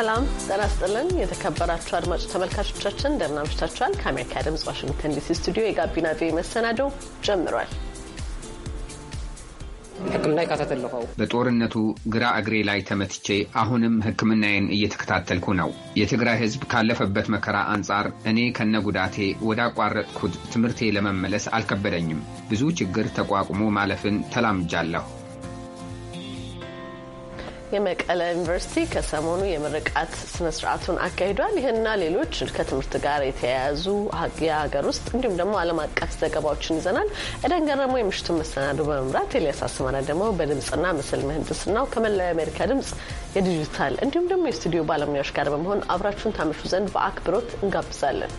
ሰላም ጤና ይስጥልን። የተከበራችሁ አድማጭ ተመልካቾቻችን እንደምን አምሽታችኋል? ከአሜሪካ ድምጽ ዋሽንግተን ዲሲ ስቱዲዮ የጋቢና ቪኦኤ መሰናዶ ጀምሯል። ህክምና ይካተተልኸው በጦርነቱ ግራ እግሬ ላይ ተመትቼ አሁንም ህክምናዬን እየተከታተልኩ ነው። የትግራይ ህዝብ ካለፈበት መከራ አንጻር እኔ ከነ ጉዳቴ ወደ አቋረጥኩት ትምህርቴ ለመመለስ አልከበደኝም። ብዙ ችግር ተቋቁሞ ማለፍን ተላምጃለሁ። የመቀለ ዩኒቨርሲቲ ከሰሞኑ የምርቃት ስነስርዓቱን አካሂዷል። ይህና ሌሎች ከትምህርት ጋር የተያያዙ የሀገር ውስጥ እንዲሁም ደግሞ ዓለም አቀፍ ዘገባዎችን ይዘናል። ኤደን ገረሞ የምሽቱን መሰናዶ በመምራት ኤልያስ አስማራ ደግሞ በድምፅና ምስል ምህንድስናው ከመላው የአሜሪካ ድምፅ የዲጂታል እንዲሁም ደግሞ የስቱዲዮ ባለሙያዎች ጋር በመሆን አብራችሁን ታመሹ ዘንድ በአክብሮት እንጋብዛለን።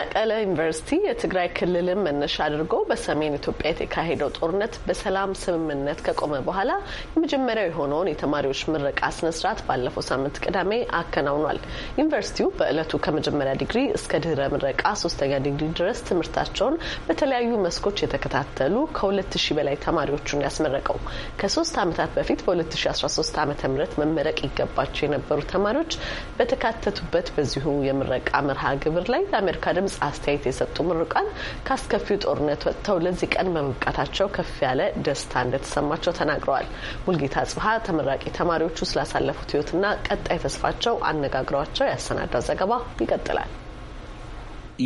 በመቀለ ዩኒቨርሲቲ የትግራይ ክልልን መነሻ አድርጎ በሰሜን ኢትዮጵያ የተካሄደው ጦርነት በሰላም ስምምነት ከቆመ በኋላ የመጀመሪያው የሆነውን የተማሪዎች ምረቃ ስነስርዓት ባለፈው ሳምንት ቅዳሜ አከናውኗል። ዩኒቨርሲቲው በዕለቱ ከመጀመሪያ ዲግሪ እስከ ድህረ ምረቃ ሶስተኛ ዲግሪ ድረስ ትምህርታቸውን በተለያዩ መስኮች የተከታተሉ ከ ሺህ በላይ ተማሪዎቹን ያስመረቀው ከሶስት ዓመታት በፊት በ2013 ዓ ም መመረቅ ይገባቸው የነበሩ ተማሪዎች በተካተቱበት በዚሁ የምረቃ መርሃ ግብር ላይ ለአሜሪካ ድምጽ ድምፅ አስተያየት የሰጡ ምሩቃን ከአስከፊው ጦርነት ወጥተው ለዚህ ቀን በመብቃታቸው ከፍ ያለ ደስታ እንደተሰማቸው ተናግረዋል። ሙልጌታ ጽብሀ ተመራቂ ተማሪዎቹ ስላሳለፉት ሕይወትና ቀጣይ ተስፋቸው አነጋግሯቸው ያሰናዳው ዘገባ ይቀጥላል።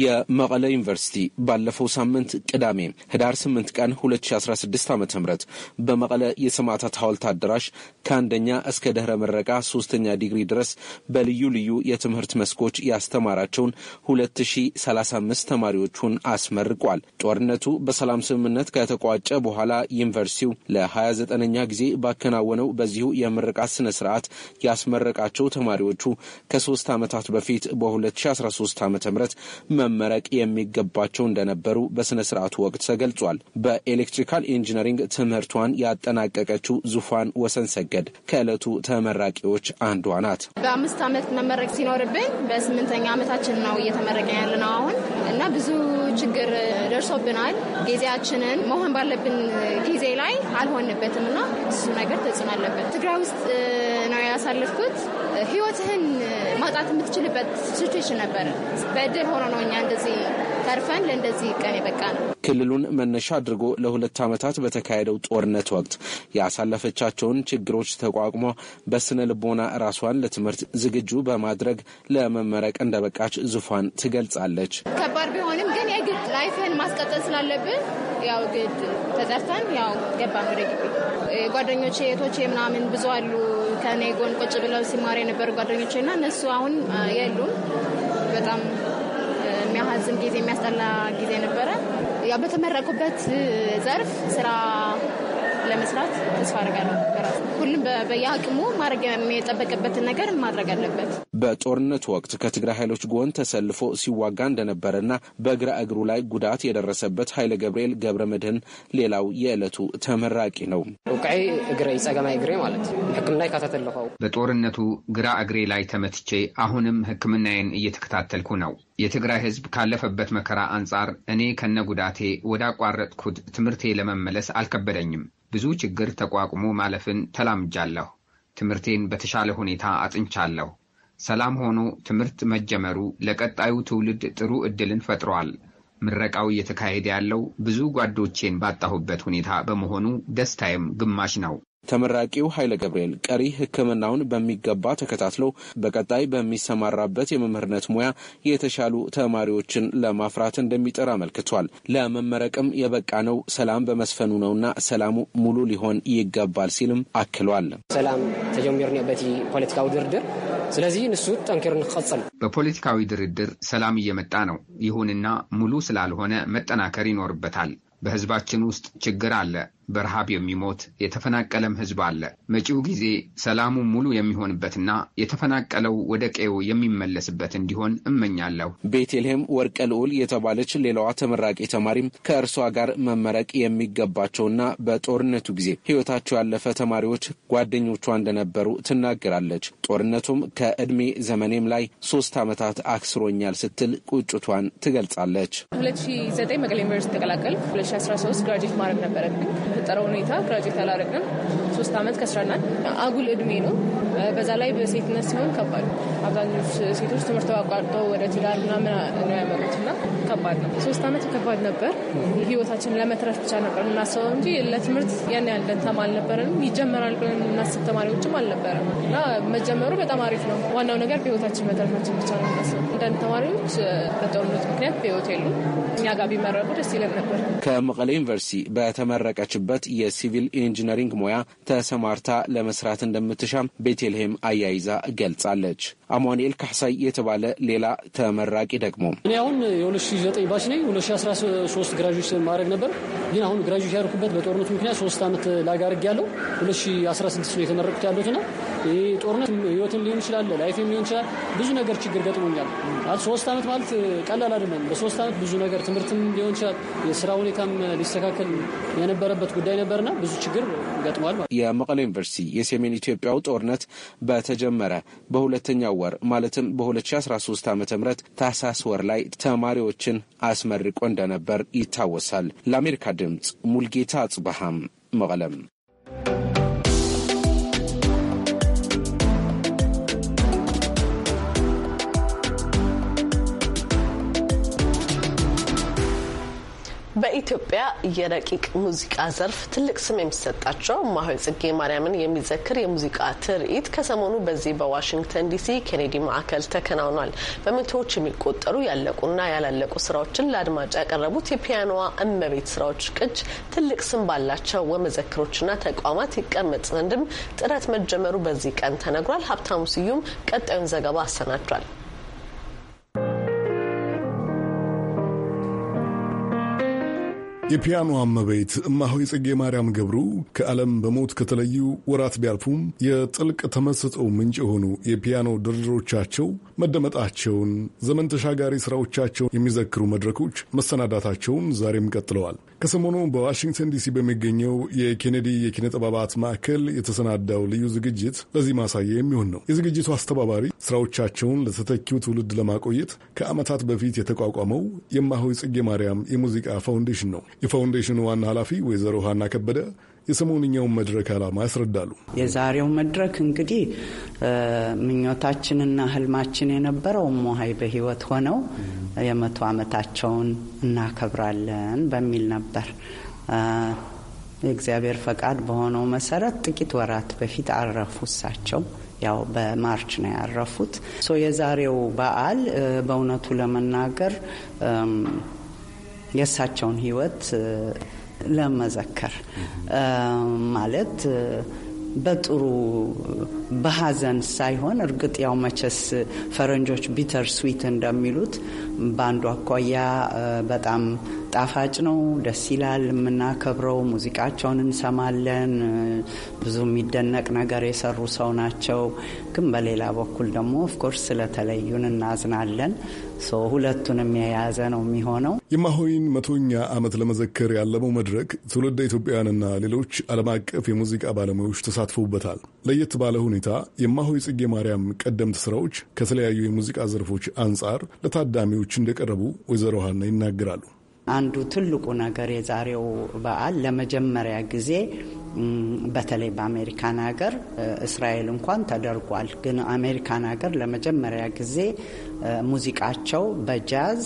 የመቀለ ዩኒቨርሲቲ ባለፈው ሳምንት ቅዳሜ ህዳር 8 ቀን 2016 ዓ ም በመቀለ የሰማዕታት ሐውልት አዳራሽ ከአንደኛ እስከ ድኅረ ምረቃ ሶስተኛ ዲግሪ ድረስ በልዩ ልዩ የትምህርት መስኮች ያስተማራቸውን 2035 ተማሪዎቹን አስመርቋል። ጦርነቱ በሰላም ስምምነት ከተቋጨ በኋላ ዩኒቨርሲቲው ለ29ኛ ጊዜ ባከናወነው በዚሁ የምርቃት ስነ ስርዓት ያስመረቃቸው ተማሪዎቹ ከሶስት ዓመታት በፊት በ2013 ዓ ም መመረቅ የሚገባቸው እንደነበሩ በስነ ስርዓቱ ወቅት ተገልጿል። በኤሌክትሪካል ኢንጂነሪንግ ትምህርቷን ያጠናቀቀችው ዙፋን ወሰን ሰገድ ከዕለቱ ተመራቂዎች አንዷ ናት። በአምስት ዓመት መመረቅ ሲኖርብን በስምንተኛ ዓመታችን ነው እየተመረቅን ነው አሁን እና ብዙ ችግር ደርሶብናል። ጊዜያችንን መሆን ባለብን ጊዜ ላይ አልሆንበትም እና እሱ ነገር ተጽዕኖ አለበት። ትግራይ ውስጥ ነው ያሳለፍኩት ህይወትህን ማውጣት የምትችልበት ሲቹዌሽን ነበር። በእድል ሆኖ ነው እኛ እንደዚህ ተርፈን ለእንደዚህ ቀን የበቃ ነው። ክልሉን መነሻ አድርጎ ለሁለት ዓመታት በተካሄደው ጦርነት ወቅት ያሳለፈቻቸውን ችግሮች ተቋቁሞ በስነ ልቦና ራሷን ለትምህርት ዝግጁ በማድረግ ለመመረቅ እንደበቃች ዙፋን ትገልጻለች። ከባድ ቢሆንም ግን የግድ ላይፍህን ማስቀጠል ስላለብን ያው ግድ ተጠርተን ያው ገባን ወደ ግቢ ጓደኞቼ የቶቼ ምናምን ብዙ አሉ ከኔ ጎን ቁጭ ብለው ሲማር የነበሩ ጓደኞች እና እነሱ አሁን የሉም። በጣም የሚያሳዝን ጊዜ፣ የሚያስጠላ ጊዜ ነበረ። ያው በተመረቁበት ዘርፍ ስራ ለመስራት ተስፋ አድርጋለሁ። ሁሉም በየአቅሙ ማድረግ የሚጠበቅበትን ነገር ማድረግ አለበት። በጦርነቱ ወቅት ከትግራይ ኃይሎች ጎን ተሰልፎ ሲዋጋ እንደነበረና በግራ እግሩ ላይ ጉዳት የደረሰበት ኃይለ ገብርኤል ገብረ መድህን ሌላው የዕለቱ ተመራቂ ነው። ውቃይ እግረ ጸገማይ እግሬ ማለት ሕክምና ይካተተለፈው በጦርነቱ ግራ እግሬ ላይ ተመትቼ አሁንም ሕክምናዬን እየተከታተልኩ ነው። የትግራይ ህዝብ ካለፈበት መከራ አንጻር እኔ ከነ ጉዳቴ ወዳቋረጥኩት ትምህርቴ ለመመለስ አልከበደኝም። ብዙ ችግር ተቋቁሞ ማለፍን ተላምጃለሁ። ትምህርቴን በተሻለ ሁኔታ አጥንቻለሁ። ሰላም ሆኖ ትምህርት መጀመሩ ለቀጣዩ ትውልድ ጥሩ ዕድልን ፈጥሯል። ምረቃው እየተካሄደ ያለው ብዙ ጓዶቼን ባጣሁበት ሁኔታ በመሆኑ ደስታዬም ግማሽ ነው። ተመራቂው ኃይለ ገብርኤል ቀሪ ሕክምናውን በሚገባ ተከታትሎ በቀጣይ በሚሰማራበት የመምህርነት ሙያ የተሻሉ ተማሪዎችን ለማፍራት እንደሚጥር አመልክቷል። ለመመረቅም የበቃ ነው ሰላም በመስፈኑ ነውና ሰላሙ ሙሉ ሊሆን ይገባል ሲልም አክሏል። ሰላም ተጀሚርኒ በቲ ፖለቲካዊ ድርድር ስለዚህ ንሱ ጠንኪሩ ንክቀጽል በፖለቲካዊ ድርድር ሰላም እየመጣ ነው። ይሁንና ሙሉ ስላልሆነ መጠናከር ይኖርበታል። በህዝባችን ውስጥ ችግር አለ። በረሃብ የሚሞት የተፈናቀለም ህዝብ አለ። መጪው ጊዜ ሰላሙ ሙሉ የሚሆንበትና የተፈናቀለው ወደ ቀዬው የሚመለስበት እንዲሆን እመኛለሁ። ቤቴልሔም ወርቀ ልዑል የተባለች ሌላዋ ተመራቂ ተማሪም ከእርሷ ጋር መመረቅ የሚገባቸውና በጦርነቱ ጊዜ ህይወታቸው ያለፈ ተማሪዎች ጓደኞቿ እንደነበሩ ትናገራለች። ጦርነቱም ከእድሜ ዘመኔም ላይ ሶስት ዓመታት አክስሮኛል ስትል ቁጭቷን ትገልጻለች። 2009 መቀሌ ዩኒቨርሲቲ ተቀላቀል 2013 ግራጅዌት ማድረግ ነበረብኝ በተፈጠረው ሁኔታ ግራጁዌት አላደረግንም። ሶስት አመት ከስረናል። አጉል እድሜ ነው። በዛ ላይ በሴትነት ሲሆን ከባድ ነው። አብዛኞቹ ሴቶች ትምህርት አቋርጠው ወደ ትዳር ምናምን ነው ያመሩት እና ከባድ ነው። ሶስት አመት ከባድ ነበር። ህይወታችን ለመትረፍ ብቻ ነበር እናስበው እንጂ ለትምህርት ያን ያለን ተማ አልነበረንም። ይጀመራል ብለን የምናስብ ተማሪዎችም አልነበረም እና መጀመሩ በጣም አሪፍ ነው። ዋናው ነገር በህይወታችን መትረፋችን ብቻ ነው የሚመስለው። አንዳንድ ተማሪዎች በጦርነት ምክንያት በህይወት የሉ እኛ ጋር ቢመረቁ ደስ ይለን ነበር። ከመቀሌ ዩኒቨርሲቲ በተመረቀች በምትማርበት የሲቪል ኢንጂነሪንግ ሙያ ተሰማርታ ለመስራት እንደምትሻም ቤቴልሄም አያይዛ ገልጻለች። አማኑኤል ካሕሳይ የተባለ ሌላ ተመራቂ ደግሞ እኔ አሁን የ2009 ባች ነኝ 2013 ግራጆች ማድረግ ነበር ግን አሁን ግራጆች ያደርኩበት በጦርነቱ ምክንያት ሶስት ዓመት ላግ አድርግ ያለው 2016 ነው የተመረቁት ያሉትና ይህ ጦርነት ህይወትን ሊሆን ይችላል ላይፍም ሊሆን ይችላል ብዙ ነገር ችግር ገጥሞኛል ሶስት ዓመት ማለት ቀላል አይደለም በሶስት ዓመት ብዙ ነገር ትምህርትም ሊሆን ይችላል የስራ ሁኔታም ሊስተካከል የነበረበት ጉዳይ ነበርና ብዙ ችግር ገጥሟል የመቀሌ ዩኒቨርሲቲ የሰሜን ኢትዮጵያው ጦርነት በተጀመረ በሁለተኛው ወር ማለትም በ2013 ዓ ም ታህሳስ ወር ላይ ተማሪዎችን አስመርቆ እንደነበር ይታወሳል። ለአሜሪካ ድምፅ ሙልጌታ አጽበሃም መቀለም በኢትዮጵያ የረቂቅ ሙዚቃ ዘርፍ ትልቅ ስም የሚሰጣቸው እማሆይ ጽጌ ማርያምን የሚዘክር የሙዚቃ ትርኢት ከሰሞኑ በዚህ በዋሽንግተን ዲሲ ኬኔዲ ማዕከል ተከናውኗል። በመቶዎች የሚቆጠሩ ያለቁና ያላለቁ ስራዎችን ለአድማጭ ያቀረቡት የፒያኖዋ እመቤት ስራዎች ቅጅ ትልቅ ስም ባላቸው ወመዘክሮችና ተቋማት ይቀመጥ ዘንድም ጥረት መጀመሩ በዚህ ቀን ተነግሯል። ሀብታሙ ስዩም ቀጣዩን ዘገባ አሰናዷል። የፒያኖ እመቤት እማሆይ ጽጌ ማርያም ገብሩ ከዓለም በሞት ከተለዩ ወራት ቢያልፉም የጥልቅ ተመስጠው ምንጭ የሆኑ የፒያኖ ድርድሮቻቸው መደመጣቸውን፣ ዘመን ተሻጋሪ ሥራዎቻቸውን የሚዘክሩ መድረኮች መሰናዳታቸውን ዛሬም ቀጥለዋል። ከሰሞኑ በዋሽንግተን ዲሲ በሚገኘው የኬኔዲ የኪነ ጥበባት ማዕከል የተሰናዳው ልዩ ዝግጅት ለዚህ ማሳያ የሚሆን ነው። የዝግጅቱ አስተባባሪ ስራዎቻቸውን ለተተኪው ትውልድ ለማቆየት ከዓመታት በፊት የተቋቋመው የማሆይ ጽጌ ማርያም የሙዚቃ ፋውንዴሽን ነው። የፋውንዴሽኑ ዋና ኃላፊ ወይዘሮ ሀና ከበደ የሰሞንኛውን መድረክ ዓላማ ያስረዳሉ። የዛሬው መድረክ እንግዲህ ምኞታችንና ህልማችን የነበረው ሞሀይ በህይወት ሆነው የመቶ ዓመታቸውን እናከብራለን በሚል ነበር። የእግዚአብሔር ፈቃድ በሆነው መሰረት ጥቂት ወራት በፊት አረፉ እሳቸው። ያው በማርች ነው ያረፉት። ሶ የዛሬው በዓል በእውነቱ ለመናገር የእሳቸውን ህይወት ለመዘከር ማለት በጥሩ በሀዘን ሳይሆን እርግጥ ያው መቼስ ፈረንጆች ቢተር ስዊት እንደሚሉት በአንዱ አኳያ በጣም ጣፋጭ ነው፣ ደስ ይላል፣ የምናከብረው ሙዚቃቸውን እንሰማለን፣ ብዙ የሚደነቅ ነገር የሰሩ ሰው ናቸው። ግን በሌላ በኩል ደግሞ ኦፍኮርስ ስለተለዩን እናዝናለን። ሁለቱንም የያዘ ነው የሚሆነው። የማሆይን መቶኛ ዓመት ለመዘከር ያለመው መድረክ ትውልደ ኢትዮጵያውያንና ሌሎች ዓለም አቀፍ የሙዚቃ ባለሙያዎች ተሳትፎበታል። ለየት ባለ ሁኔታ የማሆይ ጽጌ ማርያም ቀደምት ስራዎች ከተለያዩ የሙዚቃ ዘርፎች አንጻር ለታዳሚዎች እንደቀረቡ ወይዘሮ ሀና ይናገራሉ። አንዱ ትልቁ ነገር የዛሬው በዓል ለመጀመሪያ ጊዜ በተለይ በአሜሪካን ሀገር እስራኤል እንኳን ተደርጓል፣ ግን አሜሪካን ሀገር ለመጀመሪያ ጊዜ ሙዚቃቸው በጃዝ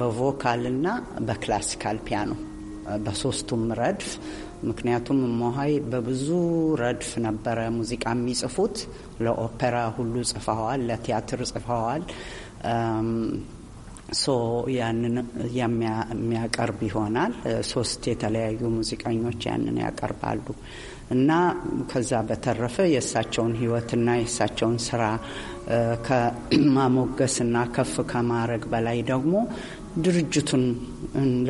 በቮካልና በክላሲካል ፒያኖ በሶስቱም ረድፍ ምክንያቱም ሞሀይ በብዙ ረድፍ ነበረ ሙዚቃ የሚጽፉት። ለኦፔራ ሁሉ ጽፈዋል፣ ለቲያትር ጽፈዋል። ሶ ያንን የሚያቀርብ ይሆናል። ሶስት የተለያዩ ሙዚቀኞች ያንን ያቀርባሉ እና ከዛ በተረፈ የእሳቸውን ህይወትና የእሳቸውን ስራ ከማሞገስና ከፍ ከማድረግ በላይ ደግሞ ድርጅቱን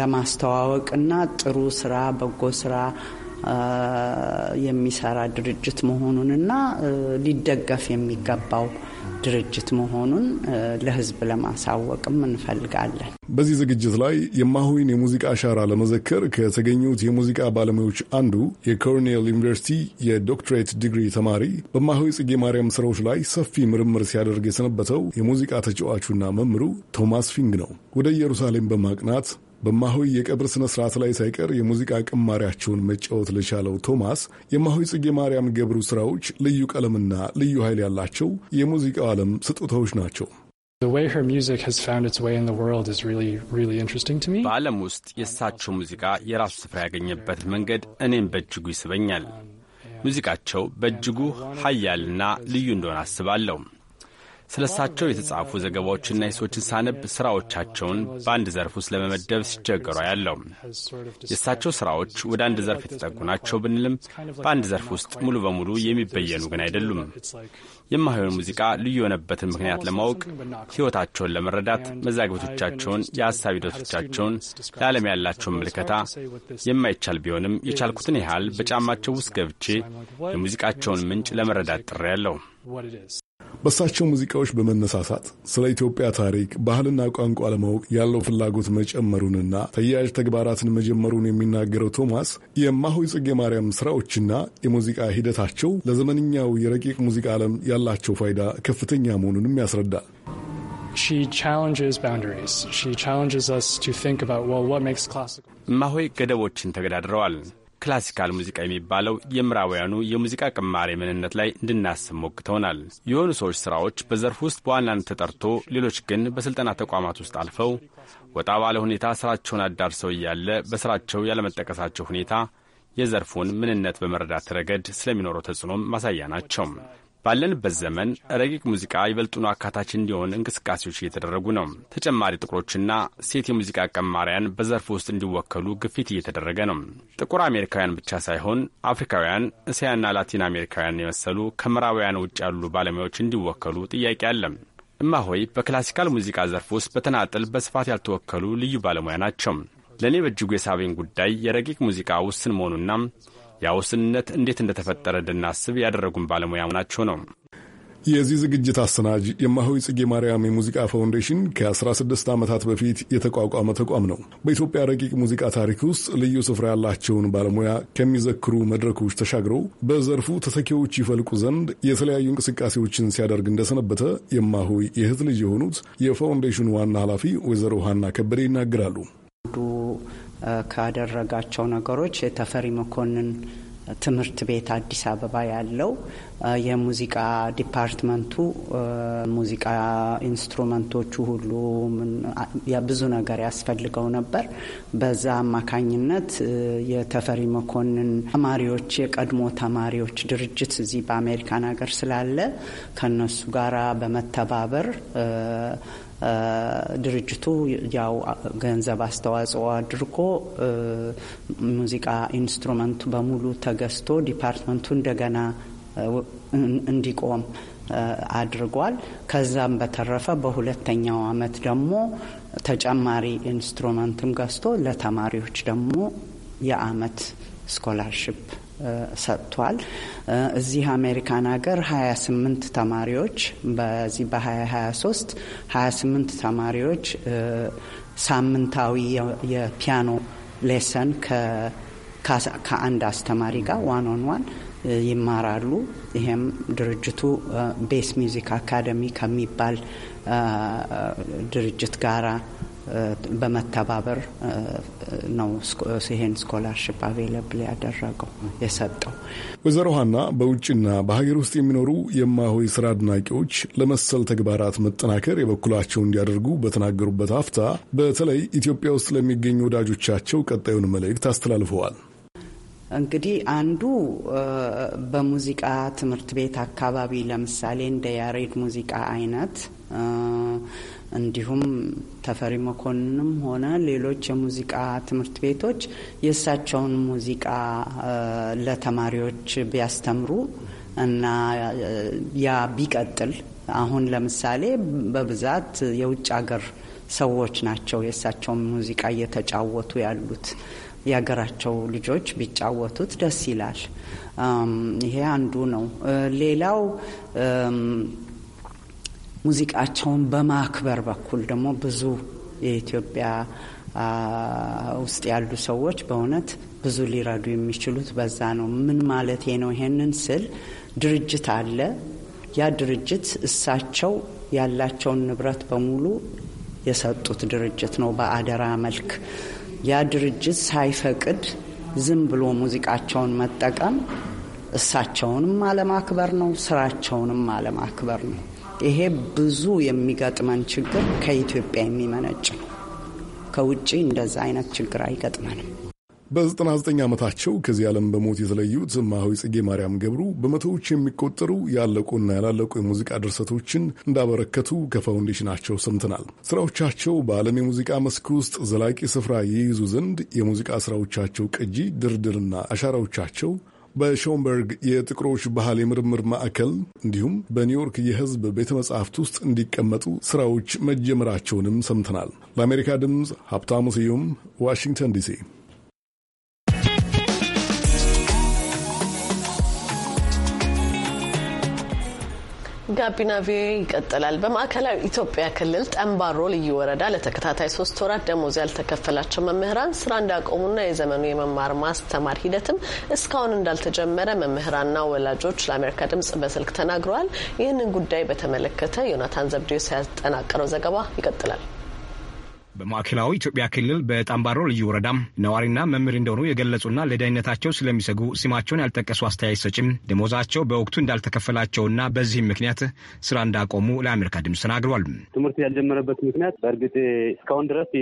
ለማስተዋወቅና ጥሩ ስራ፣ በጎ ስራ የሚሰራ ድርጅት መሆኑንና ሊደገፍ የሚገባው ድርጅት መሆኑን ለህዝብ ለማሳወቅም እንፈልጋለን። በዚህ ዝግጅት ላይ የማሁዊን የሙዚቃ አሻራ ለመዘከር ከተገኙት የሙዚቃ ባለሙያዎች አንዱ የኮርኔል ዩኒቨርሲቲ የዶክትሬት ዲግሪ ተማሪ በማሁዊ ጽጌ ማርያም ስራዎች ላይ ሰፊ ምርምር ሲያደርግ የሰነበተው የሙዚቃ ተጫዋቹና መምሩ ቶማስ ፊንግ ነው። ወደ ኢየሩሳሌም በማቅናት በማሆይ የቀብር ስነ ስርዓት ላይ ሳይቀር የሙዚቃ ቅማሪያቸውን መጫወት ለቻለው ቶማስ የማሆይ ጽጌ ማርያም ገብሩ ስራዎች ልዩ ቀለምና ልዩ ኃይል ያላቸው የሙዚቃው ዓለም ስጦታዎች ናቸው። በዓለም ውስጥ የእሳቸው ሙዚቃ የራሱ ስፍራ ያገኘበት መንገድ እኔም በእጅጉ ይስበኛል። ሙዚቃቸው በእጅጉ ኃያልና ልዩ እንደሆነ አስባለሁ። ስለ እሳቸው የተጻፉ ዘገባዎችና የሰዎችን ሳነብ ስራዎቻቸውን በአንድ ዘርፍ ውስጥ ለመመደብ ሲቸገሩ ያለው የእሳቸው ስራዎች ወደ አንድ ዘርፍ የተጠጉ ናቸው ብንልም በአንድ ዘርፍ ውስጥ ሙሉ በሙሉ የሚበየኑ ግን አይደሉም። የማይሆን ሙዚቃ ልዩ የሆነበትን ምክንያት ለማወቅ ህይወታቸውን ለመረዳት መዛግቤቶቻቸውን፣ የሀሳብ ሂደቶቻቸውን፣ ለዓለም ያላቸውን ምልከታ የማይቻል ቢሆንም የቻልኩትን ያህል በጫማቸው ውስጥ ገብቼ የሙዚቃቸውን ምንጭ ለመረዳት ጥሬ ያለው በእሳቸው ሙዚቃዎች በመነሳሳት ስለ ኢትዮጵያ ታሪክ፣ ባህልና ቋንቋ ለማወቅ ያለው ፍላጎት መጨመሩንና ተያያዥ ተግባራትን መጀመሩን የሚናገረው ቶማስ የማሆይ ጽጌ ማርያም ስራዎችና የሙዚቃ ሂደታቸው ለዘመንኛው የረቂቅ ሙዚቃ ዓለም ያላቸው ፋይዳ ከፍተኛ መሆኑንም ያስረዳል። እማሆይ ገደቦችን ተገዳድረዋል። ክላሲካል ሙዚቃ የሚባለው የምዕራባውያኑ የሙዚቃ ቅማሬ ምንነት ላይ እንድናስብ ሞክተውናል። የሆኑ ሰዎች ስራዎች በዘርፍ ውስጥ በዋናነት ተጠርቶ፣ ሌሎች ግን በሥልጠና ተቋማት ውስጥ አልፈው ወጣ ባለ ሁኔታ ስራቸውን አዳርሰው እያለ በስራቸው ያለመጠቀሳቸው ሁኔታ የዘርፉን ምንነት በመረዳት ረገድ ስለሚኖረው ተጽዕኖም ማሳያ ናቸው። ባለንበት ዘመን ረቂቅ ሙዚቃ ይበልጡኑ አካታች እንዲሆን እንቅስቃሴዎች እየተደረጉ ነው። ተጨማሪ ጥቁሮችና ሴት የሙዚቃ ቀማሪያን በዘርፍ ውስጥ እንዲወከሉ ግፊት እየተደረገ ነው። ጥቁር አሜሪካውያን ብቻ ሳይሆን አፍሪካውያን፣ እስያና ላቲን አሜሪካውያን የመሰሉ ከምዕራባውያን ውጭ ያሉ ባለሙያዎች እንዲወከሉ ጥያቄ አለ። እማሆይ በክላሲካል ሙዚቃ ዘርፍ ውስጥ በተናጥል በስፋት ያልተወከሉ ልዩ ባለሙያ ናቸው። ለእኔ በእጅጉ የሳበኝ ጉዳይ የረቂቅ ሙዚቃ ውስን መሆኑና ያ ውስንነት እንዴት እንደተፈጠረ እንድናስብ ያደረጉን ባለሙያ ናቸው ነው። የዚህ ዝግጅት አሰናጅ የማሆይ ጽጌ ማርያም የሙዚቃ ፋውንዴሽን ከ16 ዓመታት በፊት የተቋቋመ ተቋም ነው። በኢትዮጵያ ረቂቅ ሙዚቃ ታሪክ ውስጥ ልዩ ስፍራ ያላቸውን ባለሙያ ከሚዘክሩ መድረኮች ተሻግረው በዘርፉ ተተኪዎች ይፈልቁ ዘንድ የተለያዩ እንቅስቃሴዎችን ሲያደርግ እንደሰነበተ የማሆይ የእህት ልጅ የሆኑት የፋውንዴሽኑ ዋና ኃላፊ ወይዘሮ ሀና ከበደ ይናገራሉ። ካደረጋቸው ነገሮች የተፈሪ መኮንን ትምህርት ቤት አዲስ አበባ ያለው የሙዚቃ ዲፓርትመንቱ ሙዚቃ ኢንስትሩመንቶቹ ሁሉ ብዙ ነገር ያስፈልገው ነበር። በዛ አማካኝነት የተፈሪ መኮንን ተማሪዎች የቀድሞ ተማሪዎች ድርጅት እዚህ በአሜሪካን ሀገር ስላለ ከነሱ ጋራ በመተባበር ድርጅቱ ያው ገንዘብ አስተዋጽኦ አድርጎ ሙዚቃ ኢንስትሩመንቱ በሙሉ ተገዝቶ ዲፓርትመንቱ እንደገና እንዲቆም አድርጓል። ከዛም በተረፈ በሁለተኛው አመት ደግሞ ተጨማሪ ኢንስትሩመንትም ገዝቶ ለተማሪዎች ደግሞ የአመት ስኮላርሽፕ ሰጥቷል። እዚህ አሜሪካን ሀገር 28 ተማሪዎች በዚህ በ2023 28 ተማሪዎች ሳምንታዊ የፒያኖ ሌሰን ከአንድ አስተማሪ ጋር ዋን ኦን ዋን ይማራሉ። ይሄም ድርጅቱ ቤስ ሚውዚክ አካደሚ ከሚባል ድርጅት ጋራ በመተባበር ነው ይሄን ስኮላርሽፕ አቬለብል ያደረገው የሰጠው። ወይዘሮ ሀና በውጭና በሀገር ውስጥ የሚኖሩ የማሆይ ስራ አድናቂዎች ለመሰል ተግባራት መጠናከር የበኩላቸው እንዲያደርጉ በተናገሩበት አፍታ በተለይ ኢትዮጵያ ውስጥ ለሚገኙ ወዳጆቻቸው ቀጣዩን መልእክት አስተላልፈዋል። እንግዲህ አንዱ በሙዚቃ ትምህርት ቤት አካባቢ ለምሳሌ እንደ ያሬድ ሙዚቃ አይነት እንዲሁም ተፈሪ መኮንንም ሆነ ሌሎች የሙዚቃ ትምህርት ቤቶች የእሳቸውን ሙዚቃ ለተማሪዎች ቢያስተምሩ እና ያ ቢቀጥል አሁን ለምሳሌ በብዛት የውጭ ሀገር ሰዎች ናቸው የእሳቸውን ሙዚቃ እየተጫወቱ ያሉት። የሀገራቸው ልጆች ቢጫወቱት ደስ ይላል። ይሄ አንዱ ነው። ሌላው ሙዚቃቸውን በማክበር በኩል ደግሞ ብዙ የኢትዮጵያ ውስጥ ያሉ ሰዎች በእውነት ብዙ ሊረዱ የሚችሉት በዛ ነው። ምን ማለት ነው? ይሄንን ስል ድርጅት አለ። ያ ድርጅት እሳቸው ያላቸውን ንብረት በሙሉ የሰጡት ድርጅት ነው በአደራ መልክ። ያ ድርጅት ሳይፈቅድ ዝም ብሎ ሙዚቃቸውን መጠቀም እሳቸውንም አለማክበር ነው፣ ስራቸውንም አለማክበር ነው። ይሄ ብዙ የሚገጥመን ችግር ከኢትዮጵያ የሚመነጭ ነው። ከውጭ እንደዛ አይነት ችግር አይገጥመንም። በ99 ዓመታቸው ከዚህ ዓለም በሞት የተለዩት ማዊ ጽጌ ማርያም ገብሩ በመቶዎች የሚቆጠሩ ያለቁና ያላለቁ የሙዚቃ ድርሰቶችን እንዳበረከቱ ከፋውንዴሽናቸው ሰምተናል። ስራዎቻቸው በዓለም የሙዚቃ መስክ ውስጥ ዘላቂ ስፍራ ይይዙ ዘንድ የሙዚቃ ስራዎቻቸው ቅጂ ድርድርና አሻራዎቻቸው በሾምበርግ የጥቁሮች ባህል የምርምር ማዕከል እንዲሁም በኒውዮርክ የህዝብ ቤተ መጻሕፍት ውስጥ እንዲቀመጡ ስራዎች መጀመራቸውንም ሰምተናል። ለአሜሪካ ድምፅ ሀብታሙ ስዩም ዋሽንግተን ዲሲ ጋቢና ቪኦኤ ይቀጥላል። በማዕከላዊ ኢትዮጵያ ክልል ጠንባሮ ልዩ ወረዳ ለተከታታይ ሶስት ወራት ደሞዝ ያልተከፈላቸው መምህራን ስራ እንዳቆሙና የዘመኑ የመማር ማስተማር ሂደትም እስካሁን እንዳልተጀመረ መምህራንና ወላጆች ለአሜሪካ ድምጽ በስልክ ተናግረዋል። ይህንን ጉዳይ በተመለከተ ዮናታን ዘብዴዎስ ያጠናቀረው ዘገባ ይቀጥላል። በማዕከላዊ ኢትዮጵያ ክልል በጣምባሮ ልዩ ወረዳም ነዋሪና መምህር እንደሆኑ የገለጹና ለደህንነታቸው ስለሚሰጉ ስማቸውን ያልጠቀሱ አስተያየት ሰጭም ደሞዛቸው በወቅቱ እንዳልተከፈላቸውና በዚህም ምክንያት ስራ እንዳቆሙ ለአሜሪካ ድምፅ ተናግሯል። ትምህርት ያልጀመረበት ምክንያት በእርግጥ እስካሁን ድረስ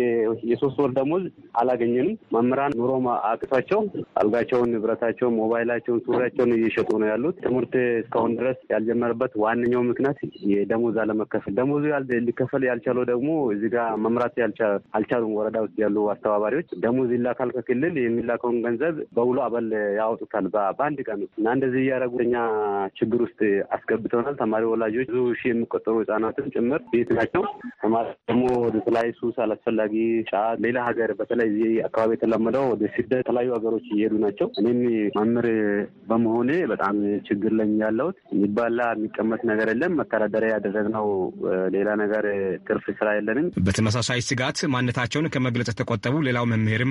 የሶስት ወር ደሞዝ አላገኘንም። መምህራን ኑሮ አቅቷቸው አልጋቸውን፣ ንብረታቸውን፣ ሞባይላቸውን፣ ሱሪያቸውን እየሸጡ ነው ያሉት። ትምህርት እስካሁን ድረስ ያልጀመረበት ዋነኛው ምክንያት የደሞዝ አለመከፈል፣ ደሞዙ ሊከፈል ያልቻለው ደግሞ እዚህ ጋር መምራት ያልቻ አልቻሉም። ወረዳ ውስጥ ያሉ አስተባባሪዎች ደሞዝ ይላካል ከክልል የሚላከውን ገንዘብ በውሎ አበል ያወጡታል በአንድ ቀን ውስጥ እና እንደዚህ እያደረጉ እኛ ችግር ውስጥ አስገብተውናል። ተማሪ ወላጆች ብዙ ሺህ የሚቆጠሩ ህጻናትን ጭምር ቤት ናቸው። ተማሪ ደግሞ ወደ ተለያዩ ሱስ፣ አላስፈላጊ ጫት፣ ሌላ ሀገር በተለይ እዚህ አካባቢ የተለመደው ወደ ስደት የተለያዩ ሀገሮች እየሄዱ ናቸው። እኔም መምህር በመሆኔ በጣም ችግር ለኝ ያለሁት የሚባላ የሚቀመስ ነገር የለም። መተዳደሪያ ያደረግነው ሌላ ነገር ትርፍ ስራ የለንም። በተመሳሳይ ስጋት በመምጣት ማንነታቸውን ከመግለጽ የተቆጠቡ ሌላው መምህርም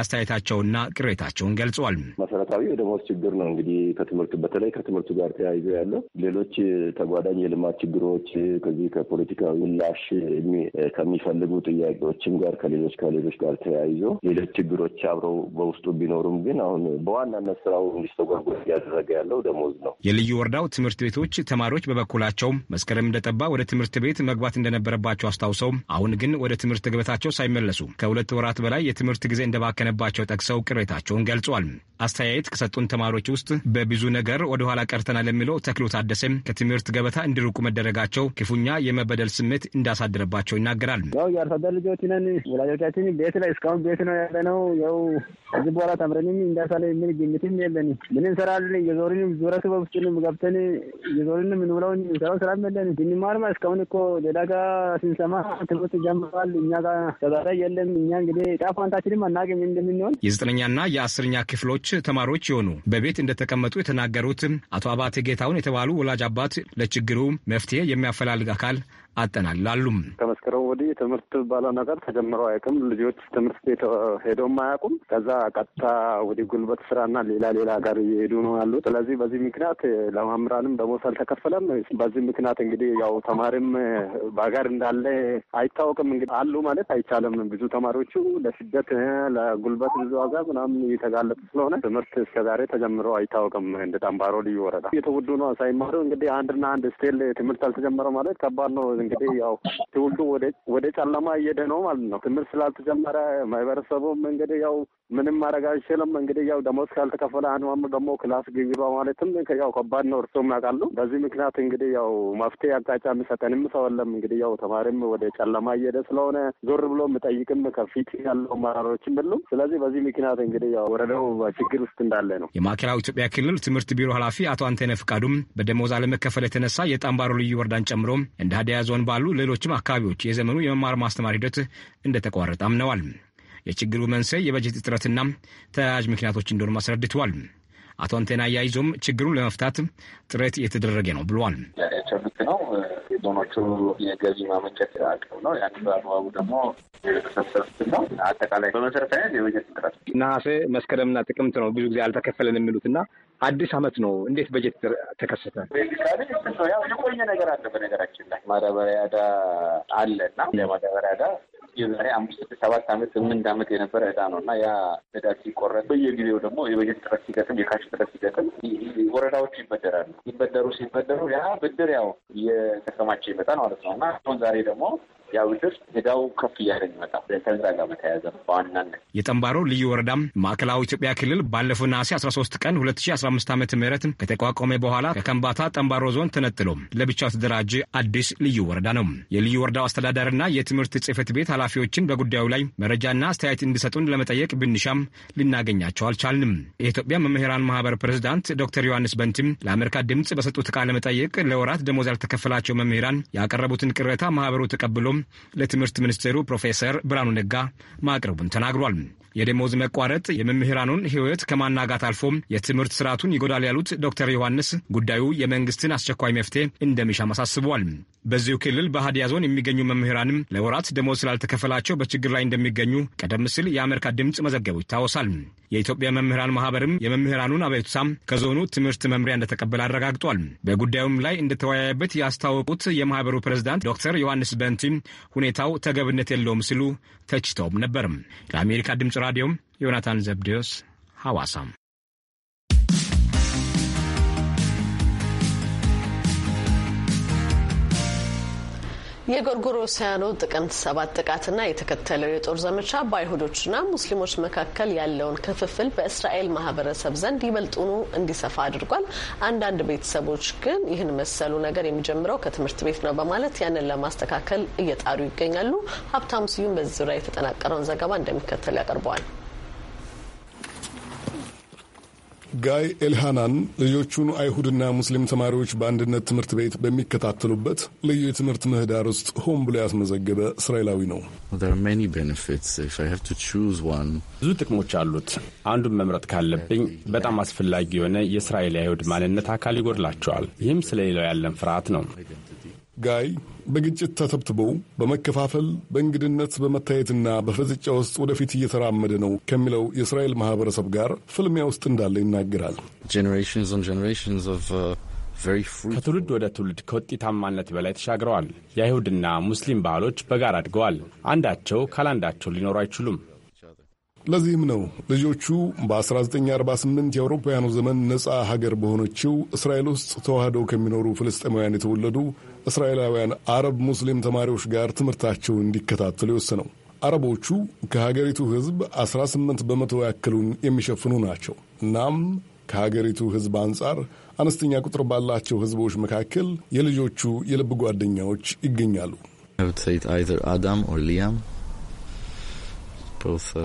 አስተያየታቸውና ቅሬታቸውን ገልጿል። መሰረታዊ የደሞዝ ችግር ነው እንግዲህ ከትምህርቱ በተለይ ከትምህርቱ ጋር ተያይዞ ያለው ሌሎች ተጓዳኝ የልማት ችግሮች ከዚህ ከፖለቲካዊ ምላሽ ከሚፈልጉ ጥያቄዎችም ጋር ከሌሎች ከሌሎች ጋር ተያይዞ ሌሎች ችግሮች አብረው በውስጡ ቢኖሩም ግን አሁን በዋናነት ስራው እንዲስተጓጎል እያደረገ ያለው ደሞዝ ነው። የልዩ ወረዳው ትምህርት ቤቶች ተማሪዎች በበኩላቸው መስከረም እንደጠባ ወደ ትምህርት ቤት መግባት እንደነበረባቸው አስታውሰው አሁን ግን ወደ ትምህርት ገበ ገበታቸው ሳይመለሱ ከሁለት ወራት በላይ የትምህርት ጊዜ እንደባከነባቸው ጠቅሰው ቅሬታቸውን ገልጿል። አስተያየት ከሰጡን ተማሪዎች ውስጥ በብዙ ነገር ወደኋላ ቀርተናል የሚለው ተክሎ ታደሰም ከትምህርት ገበታ እንዲርቁ መደረጋቸው ክፉኛ የመበደል ስሜት እንዳሳደረባቸው ይናገራል። ያው የአርሶአደር ልጆች ነን። ወላጆቻችን ቤት ላይ እስካሁን ቤት ነው ያለ ነው። ያው ከዚህ በኋላ ተምረንም እንዳሳለ የምን ግምትም የለን። ምን እንሰራለን? የዞርንም ዙረት በውስጥንም ገብተን እየዞርን የምንውለው ሰራው ስራም የለን። ብንማርማ እስካሁን እኮ ሌላ ጋር ስንሰማ ትምህርት ጀምሯል እኛ ጋር ከዛ ላይ የለም። እኛ እንግዲህ ጫፍ ፈንታችንም አናገኝ እንደምንሆን። የዘጠነኛና የአስረኛ ክፍሎች ተማሪዎች የሆኑ በቤት እንደተቀመጡ የተናገሩት አቶ አባቴ ጌታውን የተባሉ ወላጅ አባት ለችግሩ መፍትሄ የሚያፈላልግ አካል አጠናላሉም ከመስከረም ወዲህ ትምህርት ባለው ነገር ተጀምረው አያውቅም። ልጆች ትምህርት ቤት ሄደውም አያውቁም። ከዛ ቀጥታ ወዲህ ጉልበት ስራና ሌላ ሌላ ጋር እየሄዱ ነው ያሉ። ስለዚህ በዚህ ምክንያት ለመምህራንም ደሞዝ አልተከፈለም። በዚህ ምክንያት እንግዲህ ያው ተማሪም በሀገር እንዳለ አይታወቅም። እንግዲህ አሉ ማለት አይቻልም። ብዙ ተማሪዎቹ ለስደት ለጉልበት ብዙ ዋጋ ምናምን እየተጋለጡ ስለሆነ ትምህርት እስከዛሬ ተጀምረው አይታወቅም። እንደ ጠንባሮ ልዩ ወረዳ የተውዱ ነው ሳይማሩ እንግዲህ አንድና አንድ ስቴል ትምህርት አልተጀመረ ማለት ከባድ ነው። እንግዲህ ያው ትውልዱ ወደ ጨለማ እየሄደ ነው ማለት ነው። ትምህርት ስላልተጀመረ ማህበረሰቡም እንግዲህ ያው ምንም ማድረግ አይችልም። እንግዲህ ያው ደሞዝ ካልተከፈለ አንድ ደግሞ ክላስ ግቢ ማለትም ያው ከባድ ነው፣ እርሶ ያውቃሉ። በዚህ ምክንያት እንግዲህ ያው መፍትሄ አቅጣጫ የሚሰጠንም ሰው የለም። እንግዲህ ያው ተማሪም ወደ ጨለማ እየሄደ ስለሆነ ዞር ብሎ የምጠይቅም ከፊት ያለው አመራሮችም የሉም። ስለዚህ በዚህ ምክንያት እንግዲህ ያው ወረዳው ችግር ውስጥ እንዳለ ነው። የማዕከላዊ ኢትዮጵያ ክልል ትምህርት ቢሮ ኃላፊ አቶ አንተነ ፍቃዱም በደሞዝ አለመከፈል የተነሳ የጣምባሮ ልዩ ወረዳን ጨምሮ እንደ ሀዲያ ዞን ባሉ ሌሎችም አካባቢዎች ተማሪዎች የዘመኑ የመማር ማስተማር ሂደት እንደተቋረጠ አምነዋል። የችግሩ መንስኤ የበጀት እጥረትና ተያያዥ ምክንያቶች እንደሆኑ አስረድተዋል። አቶ አንቴና አያይዞም ችግሩን ለመፍታት ጥረት እየተደረገ ነው ብለዋል። ቸልት ነው የዞኖቹ የገቢ ማመንጨት አቅም ነው። ያን በአግባቡ ደግሞ የተሰበሰብት ነው። አጠቃላይ በመሰረታዊ የበጀት እጥረት ነሐሴ መስከረምና ጥቅምት ነው ብዙ ጊዜ አልተከፈለን የሚሉት እና አዲስ አመት ነው። እንዴት በጀት ተከሰተ? የቆየ ነገር አለ። በነገራችን ላይ ማዳበሪያ ዕዳ አለ እና ለማዳበሪያ ዕዳ የዛሬ አምስት ሰባት ዓመት ስምንት ዓመት የነበረ እዳ ነው እና ያ እዳ ሲቆረጥ በየጊዜው ደግሞ የበጀት ጥረት ሲገጥም፣ የካሽ ጥረት ሲገጥም ወረዳዎቹ ይበደራሉ። ይበደሩ ሲበደሩ ያ ብድር ያው እየተከማቸ ይመጣል ማለት ነው እና አሁን ዛሬ ደግሞ ያ ብድር እዳው ከፍ እያለ ይመጣል። ከዛ ጋር በተያያዘ በዋናነት የጠንባሮ ልዩ ወረዳም ማዕከላዊ ኢትዮጵያ ክልል ባለፈው ነሐሴ 13 ቀን 2015 ዓ ም ከተቋቋመ በኋላ ከከንባታ ጠንባሮ ዞን ተነጥሎ ለብቻው ተደራጀ አዲስ ልዩ ወረዳ ነው። የልዩ ወረዳው አስተዳደርና የትምህርት ጽህፈት ቤት ኃላፊዎችን በጉዳዩ ላይ መረጃና አስተያየት እንዲሰጡን ለመጠየቅ ብንሻም ልናገኛቸው አልቻልንም። የኢትዮጵያ መምህራን ማህበር ፕሬዝዳንት ዶክተር ዮሐንስ በንቲም ለአሜሪካ ድምፅ በሰጡት ቃለ መጠይቅ ለወራት ደሞዝ ያልተከፈላቸው መምህራን ያቀረቡትን ቅሬታ ማህበሩ ተቀብሎም ለትምህርት ሚኒስቴሩ ፕሮፌሰር ብርሃኑ ነጋ ማቅረቡን ተናግሯል። የደሞዝ መቋረጥ የመምህራኑን ህይወት ከማናጋት አልፎም የትምህርት ስርዓቱን ይጎዳል ያሉት ዶክተር ዮሐንስ ጉዳዩ የመንግስትን አስቸኳይ መፍትሄ እንደሚሻ አሳስበዋል። በዚሁ ክልል በሃዲያ ዞን የሚገኙ መምህራንም ለወራት ደሞዝ ስላልተከፈላቸው በችግር ላይ እንደሚገኙ ቀደም ሲል የአሜሪካ ድምፅ መዘገቡ ይታወሳል። የኢትዮጵያ መምህራን ማህበርም የመምህራኑን አቤቱታም ከዞኑ ትምህርት መምሪያ እንደተቀበለ አረጋግጧል። በጉዳዩም ላይ እንደተወያየበት ያስታወቁት የማህበሩ ፕሬዝዳንት ዶክተር ዮሐንስ በንቲ ሁኔታው ተገብነት የለውም ሲሉ ተችተውም ነበርም። ለአሜሪካ ድምፅ ራዲዮም ዮናታን ዘብዴዎስ ሐዋሳም የጎርጎሮሳውያኑ ጥቅምት ሰባት ጥቃትና የተከተለው የጦር ዘመቻ በአይሁዶችና ሙስሊሞች መካከል ያለውን ክፍፍል በእስራኤል ማህበረሰብ ዘንድ ይበልጡኑ እንዲሰፋ አድርጓል። አንዳንድ ቤተሰቦች ግን ይህን መሰሉ ነገር የሚጀምረው ከትምህርት ቤት ነው በማለት ያንን ለማስተካከል እየጣሩ ይገኛሉ። ሀብታሙ ስዩም በዚህ ዙሪያ የተጠናቀረውን ዘገባ እንደሚከተል ያቀርበዋል። ጋይ ኤልሃናን ልጆቹን አይሁድና ሙስሊም ተማሪዎች በአንድነት ትምህርት ቤት በሚከታተሉበት ልዩ የትምህርት ምህዳር ውስጥ ሆን ብሎ ያስመዘገበ እስራኤላዊ ነው። ብዙ ጥቅሞች አሉት። አንዱን መምረጥ ካለብኝ በጣም አስፈላጊ የሆነ የእስራኤል አይሁድ ማንነት አካል ይጎድላቸዋል። ይህም ስለሌላው ያለን ፍርሃት ነው። ጋይ በግጭት ተተብትበው በመከፋፈል በእንግድነት በመታየትና በፍጥጫ ውስጥ ወደፊት እየተራመደ ነው ከሚለው የእስራኤል ማህበረሰብ ጋር ፍልሚያ ውስጥ እንዳለ ይናገራል። uh, ከትውልድ ወደ ትውልድ ከውጤታማነት በላይ ተሻግረዋል። የአይሁድና ሙስሊም ባህሎች በጋራ አድገዋል። አንዳቸው ካላንዳቸው ሊኖሩ አይችሉም። ለዚህም ነው ልጆቹ በ1948 የአውሮፓውያኑ ዘመን ነፃ ሀገር በሆነችው እስራኤል ውስጥ ተዋህደው ከሚኖሩ ፍልስጤማውያን የተወለዱ እስራኤላውያን አረብ ሙስሊም ተማሪዎች ጋር ትምህርታቸውን እንዲከታተሉ የወሰነው። አረቦቹ ከሀገሪቱ ሕዝብ 18 በመቶ ያክሉን የሚሸፍኑ ናቸው። እናም ከሀገሪቱ ሕዝብ አንጻር አነስተኛ ቁጥር ባላቸው ሕዝቦች መካከል የልጆቹ የልብ ጓደኛዎች ይገኛሉ።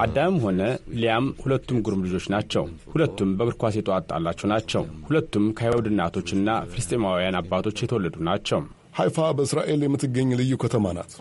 አዳም ሆነ ሊያም ሁለቱም ጉርም ልጆች ናቸው። ሁለቱም በእግር ኳስ የተዋጣላቸው ናቸው። ሁለቱም ከአይሁድ እናቶችና ፍልስጤማውያን አባቶች የተወለዱ ናቸው። ሀይፋ በእስራኤል የምትገኝ ልዩ ከተማ ናት።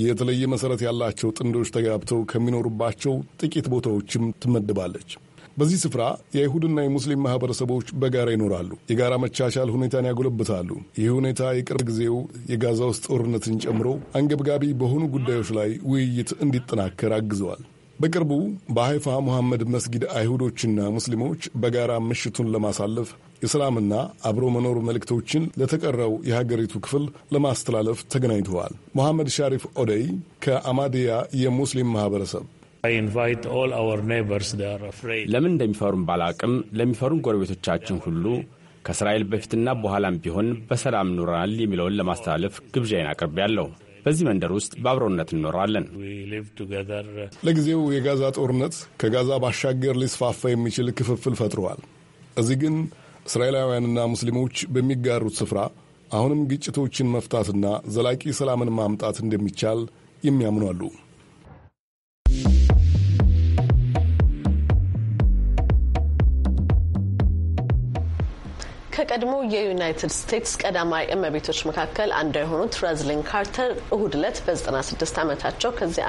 የተለየ መሠረት ያላቸው ጥንዶች ተጋብተው ከሚኖሩባቸው ጥቂት ቦታዎችም ትመድባለች። በዚህ ስፍራ የአይሁድና የሙስሊም ማህበረሰቦች በጋራ ይኖራሉ፣ የጋራ መቻቻል ሁኔታን ያጎለብታሉ። ይህ ሁኔታ የቅርብ ጊዜው የጋዛ ውስጥ ጦርነትን ጨምሮ አንገብጋቢ በሆኑ ጉዳዮች ላይ ውይይት እንዲጠናከር አግዘዋል። በቅርቡ በሐይፋ መሐመድ መስጊድ አይሁዶችና ሙስሊሞች በጋራ ምሽቱን ለማሳለፍ የሰላምና አብሮ መኖር መልእክቶችን ለተቀረው የሀገሪቱ ክፍል ለማስተላለፍ ተገናኝተዋል። መሐመድ ሻሪፍ ኦደይ ከአማዲያ የሙስሊም ማህበረሰብ ለምን እንደሚፈሩን ባላቅም ለሚፈሩን ጎረቤቶቻችን ሁሉ ከእስራኤል በፊትና በኋላም ቢሆን በሰላም ኑረናል የሚለውን ለማስተላለፍ ግብዣዬን ያለው በዚህ መንደር ውስጥ በአብሮነት እንኖራለን። uh, ለጊዜው የጋዛ ጦርነት ከጋዛ ባሻገር ሊስፋፋ የሚችል ክፍፍል ፈጥረዋል። እዚህ ግን እስራኤላውያንና ሙስሊሞች በሚጋሩት ስፍራ አሁንም ግጭቶችን መፍታትና ዘላቂ ሰላምን ማምጣት እንደሚቻል የሚያምኑ አሉ። ከቀድሞ የዩናይትድ ስቴትስ ቀዳማዊ እመቤቶች መካከል አንዷ የሆኑት ረዝሊን ካርተር እሁድ ዕለት በ96 ዓመታቸው ከዚህ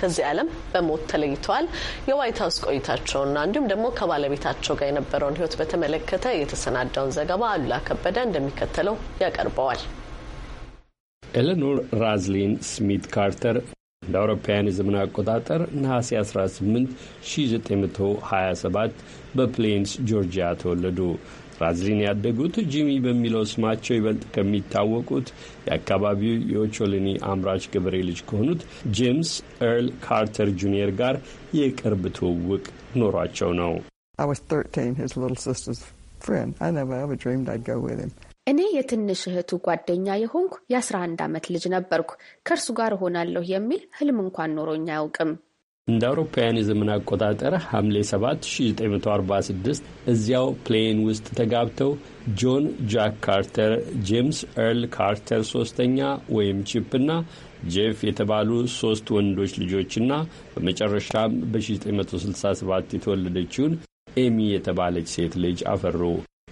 ከዚህ ዓለም በሞት ተለይተዋል። የዋይት ሀውስ ቆይታቸውና እንዲሁም ደግሞ ከባለቤታቸው ጋር የነበረውን ህይወት በተመለከተ የተሰናዳውን ዘገባ አሉላ ከበደ እንደሚከተለው ያቀርበዋል። ኤሌኖር ራዝሊን ስሚት ካርተር እንደ አውሮፓውያን የዘመን አቆጣጠር ነሐሴ 18 1927 በፕሌንስ ጆርጂያ ተወለዱ። ራዝሊን ያደጉት ጂሚ በሚለው ስማቸው ይበልጥ ከሚታወቁት የአካባቢው የኦቾሎኒ አምራች ገበሬ ልጅ ከሆኑት ጄምስ ኤርል ካርተር ጁኒየር ጋር የቅርብ ትውውቅ ኖሯቸው ነው። እኔ የትንሽ እህቱ ጓደኛ የሆንኩ የ11 ዓመት ልጅ ነበርኩ። ከእርሱ ጋር እሆናለሁ የሚል ህልም እንኳን ኖሮኝ አያውቅም። እንደ አውሮፓውያን የዘመን አቆጣጠር ሐምሌ 7 1946 እዚያው ፕሌን ውስጥ ተጋብተው ጆን ጃክ ካርተር፣ ጄምስ ኤርል ካርተር ሶስተኛ ወይም እና ጄፍ የተባሉ ሶስት ወንዶች ልጆችና በመጨረሻም በ1967 የተወለደችውን ኤሚ የተባለች ሴት ልጅ አፈሩ።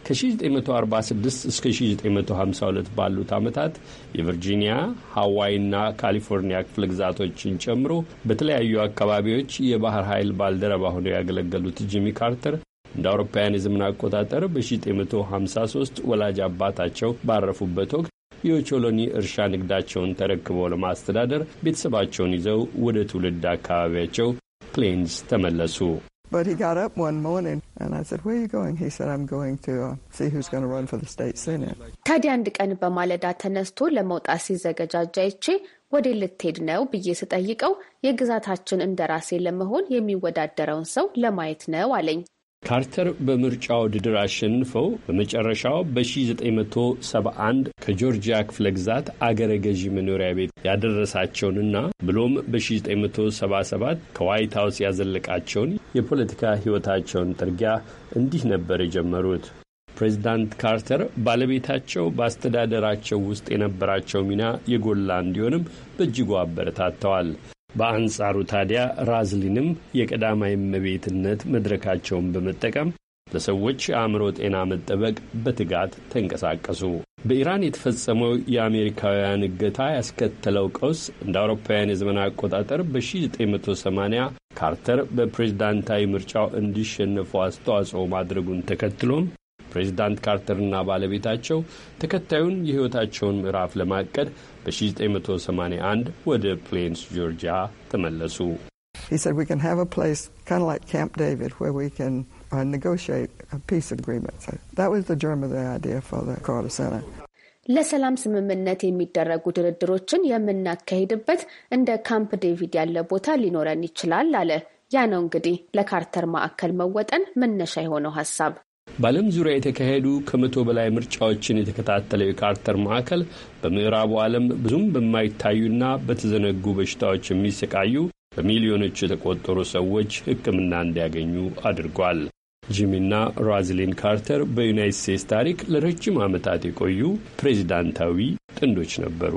ከ1946 እስከ 1952 ባሉት ዓመታት የቨርጂኒያ ሀዋይና ካሊፎርኒያ ክፍለ ግዛቶችን ጨምሮ በተለያዩ አካባቢዎች የባህር ኃይል ባልደረባ ሆነው ያገለገሉት ጂሚ ካርተር እንደ አውሮፓውያን የዘመን አቆጣጠር በ1953 ወላጅ አባታቸው ባረፉበት ወቅት የኦቾሎኒ እርሻ ንግዳቸውን ተረክበው ለማስተዳደር ቤተሰባቸውን ይዘው ወደ ትውልድ አካባቢያቸው ፕሌንስ ተመለሱ። But he got up one morning and I said, Where are you going? He said, I'm going to uh, see who's going to run for the state senate. ታዲያ አንድ ቀን በማለዳ ተነስቶ ለመውጣት ሲዘገጃጃ ይቼ ወደ ልትሄድ ነው ብዬ ስጠይቀው የግዛታችን እንደራሴ ለመሆን የሚወዳደረውን ሰው ለማየት ነው አለኝ። ካርተር በምርጫ ውድድር አሸንፈው በመጨረሻው በ1971 ከጆርጂያ ክፍለ ግዛት አገረ ገዢ መኖሪያ ቤት ያደረሳቸውንና ብሎም በ1977 ከዋይት ሀውስ ያዘለቃቸውን የፖለቲካ ሕይወታቸውን ጥርጊያ እንዲህ ነበር የጀመሩት። ፕሬዚዳንት ካርተር ባለቤታቸው በአስተዳደራቸው ውስጥ የነበራቸው ሚና የጎላ እንዲሆንም በእጅጉ አበረታተዋል። በአንጻሩ ታዲያ ራዝሊንም የቀዳማይ እመቤትነት መድረካቸውን በመጠቀም ለሰዎች የአእምሮ ጤና መጠበቅ በትጋት ተንቀሳቀሱ። በኢራን የተፈጸመው የአሜሪካውያን እገታ ያስከተለው ቀውስ እንደ አውሮፓውያን የዘመን አቆጣጠር በ1980 ካርተር በፕሬዝዳንታዊ ምርጫው እንዲሸነፉ አስተዋጽኦ ማድረጉን ተከትሎም ፕሬዚዳንት ካርተርና ባለቤታቸው ተከታዩን የሕይወታቸውን ምዕራፍ ለማቀድ በ1981 ወደ ፕሌንስ ጆርጂያ ተመለሱ። uh, ለሰላም ስምምነት የሚደረጉ ድርድሮችን የምናካሂድበት እንደ ካምፕ ዴቪድ ያለ ቦታ ሊኖረን ይችላል አለ። ያ ነው እንግዲህ ለካርተር ማዕከል መወጠን መነሻ የሆነው ሀሳብ። በዓለም ዙሪያ የተካሄዱ ከመቶ በላይ ምርጫዎችን የተከታተለው የካርተር ማዕከል በምዕራቡ ዓለም ብዙም በማይታዩና በተዘነጉ በሽታዎች የሚሰቃዩ በሚሊዮኖች የተቆጠሩ ሰዎች ሕክምና እንዲያገኙ አድርጓል። ጂሚና ሮዝሊን ካርተር በዩናይት ስቴትስ ታሪክ ለረጅም ዓመታት የቆዩ ፕሬዚዳንታዊ ጥንዶች ነበሩ።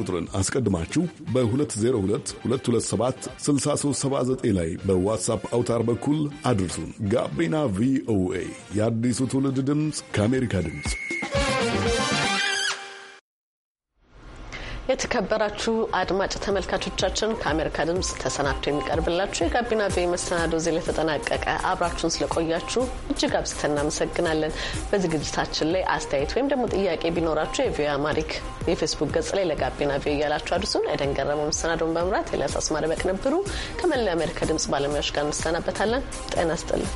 ቁጥርን አስቀድማችሁ በ 6379 ላይ በዋትሳፕ አውታር በኩል አድርሱን። ጋቢና ቪኦኤ የአዲሱ ትውልድ ድምፅ ከአሜሪካ ድምፅ የተከበራችሁ አድማጭ ተመልካቾቻችን ከአሜሪካ ድምፅ ተሰናድቶ የሚቀርብላችሁ የጋቢና ቪ መሰናዶ ዜ ለተጠናቀቀ። አብራችሁን ስለቆያችሁ እጅግ አብዝተን እናመሰግናለን። በዝግጅታችን ላይ አስተያየት ወይም ደግሞ ጥያቄ ቢኖራችሁ የቪዮ አማሪክ የፌስቡክ ገጽ ላይ ለጋቢና ቪ እያላችሁ አድርሱን። ኤደን ገረመው መሰናዶውን በመምራት ኤልያስ አስማረ በቅንብሩ ከመላ አሜሪካ ድምጽ ባለሙያዎች ጋር እንሰናበታለን። ጤና ይስጥልን።